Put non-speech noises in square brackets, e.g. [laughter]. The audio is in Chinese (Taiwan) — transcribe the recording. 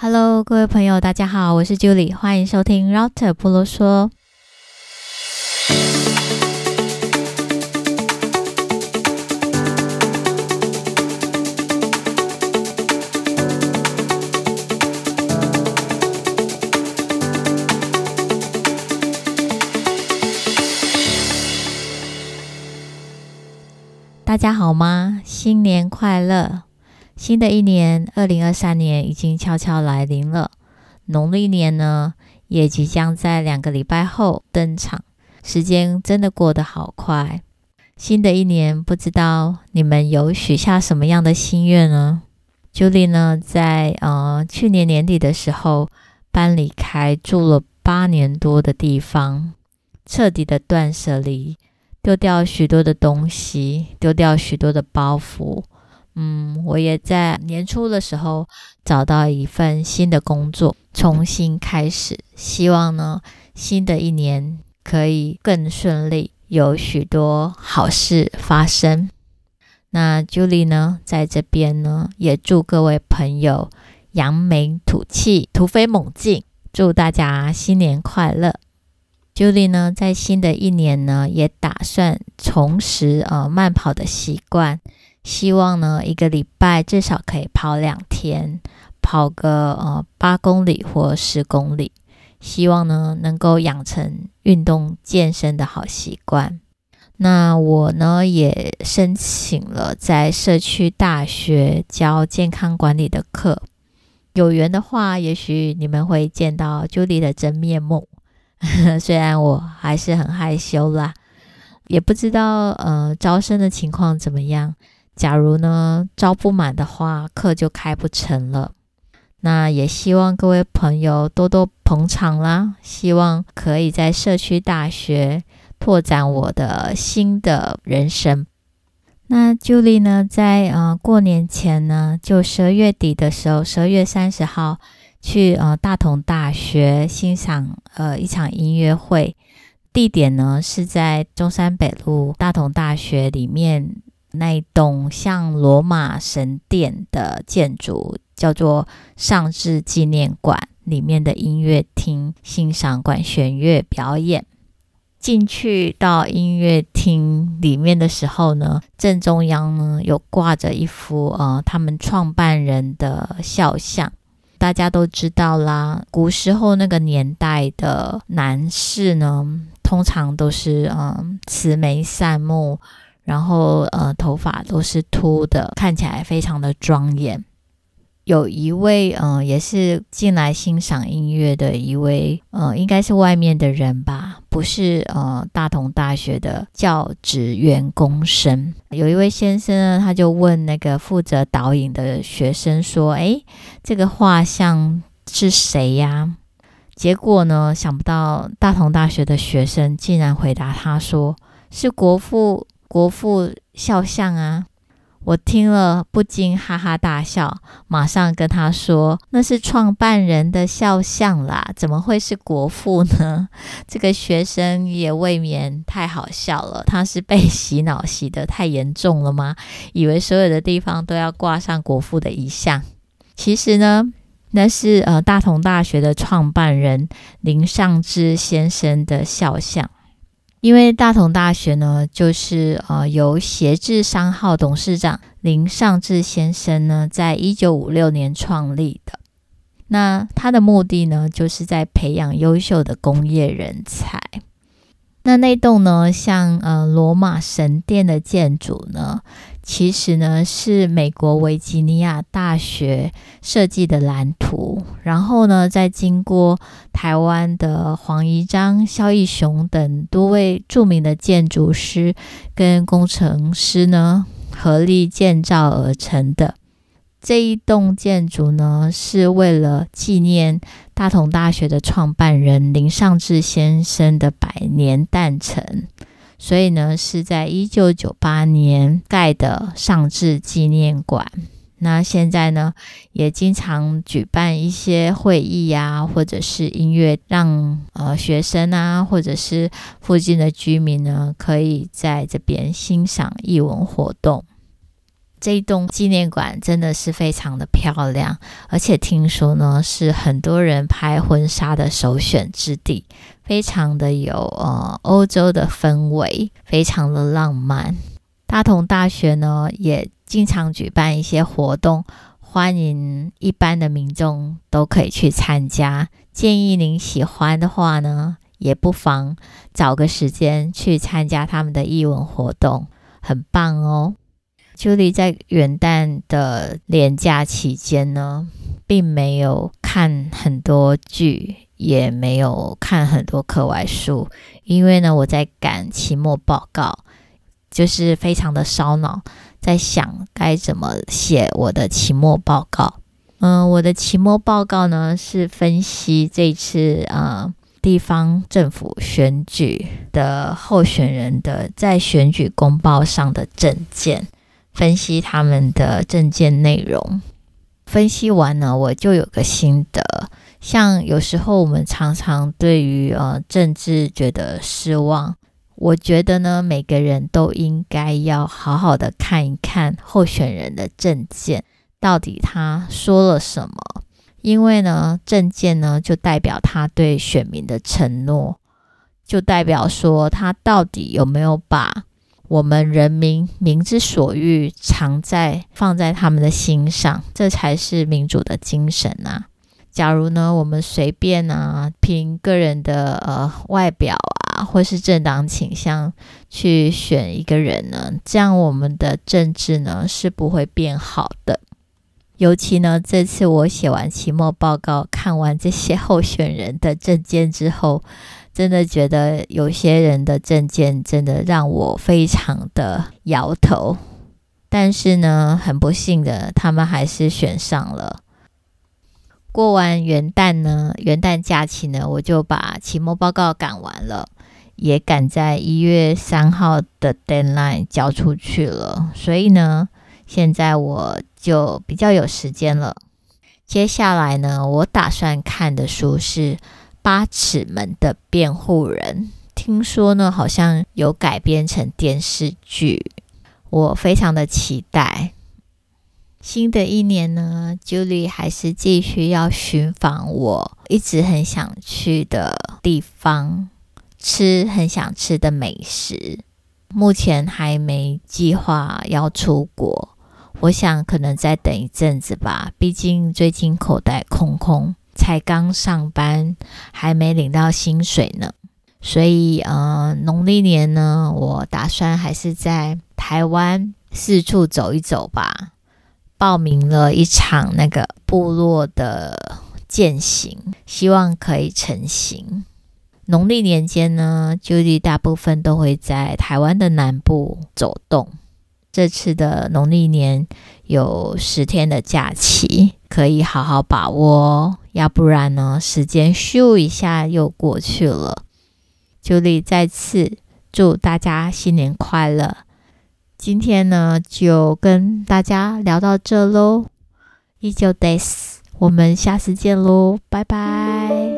Hello，各位朋友，大家好，我是 Julie，歡迎收聽 Router 不囉嗦。大家好嗎？新年快樂！新的一年，二零二三年已經悄悄來臨了。農曆年呢，也即將在兩個禮拜後登場。時間真的過得好快。新的一年，不知道你們有許下什麼樣的心願呢？Julie 呢，在呃去年年底的時候搬離開住了八年多的地方，徹底的斷捨離，丟掉許多的東西，丟掉許多的包袱。嗯，我也在年初的時候找到一份新的工作，重新開始。希望呢，新的一年可以更順利，有許多好事發生。那 Julie 呢，在這邊呢，也祝各位朋友揚眉吐氣，突飛猛進。祝大家新年快樂。Julie 呢，在新的一年呢，也打算重拾呃慢跑的習慣。希望呢，一個禮拜至少可以跑兩天，跑個呃八公里或十公里。希望呢能夠養成運動健身的好習慣。那我呢也申請了在社區大學教健康管理的課。有緣的話，也許你們會見到 Julie 的真面目。 [laughs] 雖然我還是很害羞啦，也不知道呃招生的情況怎麼樣。假如呢招不滿的話，課就開不成了。那也希望各位朋友多多捧場啦！希望可以在社區大學拓展我的新的人生。那 Julie 呢，在呃過年前呢，就十二月底的時候，十二月三十號去呃大同大學欣賞呃一場音樂會。地點呢是在中山北路大同大學裡面。那一棟像羅馬神殿的建築叫做尚志紀念館，裡面的音樂廳欣賞管弦樂表演。進去到音樂廳裡面的時候呢，正中央呢有掛着一幅呃他們創辦人的肖像。大家都知道啦，古時候那個年代的男士呢，通常都是嗯、呃、慈眉善目。然後，呃，頭髮都是禿的，看起來非常的莊嚴。有一位，嗯、呃，也是進來欣賞音樂的一位，呃，應該是外面的人吧，不是呃，大同大學的教職員工生。有一位先生呢，他就問那個負責導引的學生說：“誒，這個畫像是誰呀？”結果呢，想不到大同大學的學生竟然回答他說：“是國父。”國父肖像啊！我聽了不禁哈哈大笑，馬上跟他說：“那是創辦人的肖像啦，怎麼會是國父呢？”這個學生也未免太好笑了，他是被洗腦洗得太嚴重了嗎？以為所有的地方都要掛上國父的遺像？其實呢，那是呃，大同大學的創辦人林尚志先生的肖像。因為大同大學呢，就是呃由協志商號董事長林尚志先生呢，在一九五六年創立的。那他的目的呢，就是在培養優秀的工業人才。那那棟呢，像呃羅馬神殿的建築呢。其實呢，是美國維吉尼亞大學設計的藍圖，然後呢，再經過台灣的黃宜章、蕭義雄等多位著名的建築師跟工程師呢，合力建造而成的。這一棟建築呢，是為了紀念大同大學的創辦人林尚志先生的百年誕辰。所以呢，是在一九九八年蓋的尚志紀念館。那現在呢，也經常舉辦一些會議呀、啊，或者是音樂，讓呃學生啊，或者是附近的居民呢，可以在這邊欣賞藝文活動。這一棟紀念館真的是非常的漂亮，而且聽說呢是很多人拍婚紗的首選之地，非常的有呃歐洲的氛圍，非常的浪漫。大同大學呢也經常舉辦一些活動，歡迎一般的民眾都可以去參加。建議您喜歡的話呢，也不妨找個時間去參加他們的藝文活動，很棒哦。Julie 在元旦的連假期間呢，並沒有看很多劇，也沒有看很多課外書，因為呢，我在趕期末報告，就是非常的燒腦，在想該怎麼寫我的期末報告。嗯、呃，我的期末報告呢是分析這次啊、呃、地方政府選舉的候選人的在選舉公報上的政見。分析他們的政見內容，分析完呢，我就有個心得。像有時候我們常常對於呃政治覺得失望，我覺得呢，每個人都應該要好好的看一看候選人的政見，到底他說了什麼。因為呢，政見呢就代表他對選民的承諾，就代表說他到底有沒有把。我們人民民之所欲，常在放在他們的心上，這才是民主的精神啊！假如呢，我們隨便啊，憑個人的呃外表啊，或是政黨傾向去選一個人呢，這樣我們的政治呢是不會變好的。尤其呢，這次我寫完期末報告，看完這些候選人的政見之後。真的覺得有些人的政見真的讓我非常的搖頭，但是呢，很不幸的，他們還是選上了。過完元旦呢，元旦假期呢，我就把期末報告趕完了，也趕在一月三號的 deadline 交出去了。所以呢，現在我就比較有時間了。接下來呢，我打算看的書是。八尺門的辯護人，聽說呢，好像有改編成電視劇，我非常的期待。新的一年呢，Julie 還是繼續要尋訪我一直很想去的地方，吃很想吃的美食。目前還沒計劃要出國，我想可能再等一陣子吧，畢竟最近口袋空空。才剛上班，還沒領到薪水呢，所以呃，農曆年呢，我打算還是在台灣四處走一走吧。報名了一場那個部落的健行，希望可以成行。農曆年間呢，Julie 大部分都會在台灣的南部走動。這次的農曆年有十天的假期，可以好好把握哦。要不然呢？時間咻一下又過去了。Julie 再次祝大家新年快樂。今天呢，就跟大家聊到這嘍。依舊 days，我們下次見嘍，拜拜。嗯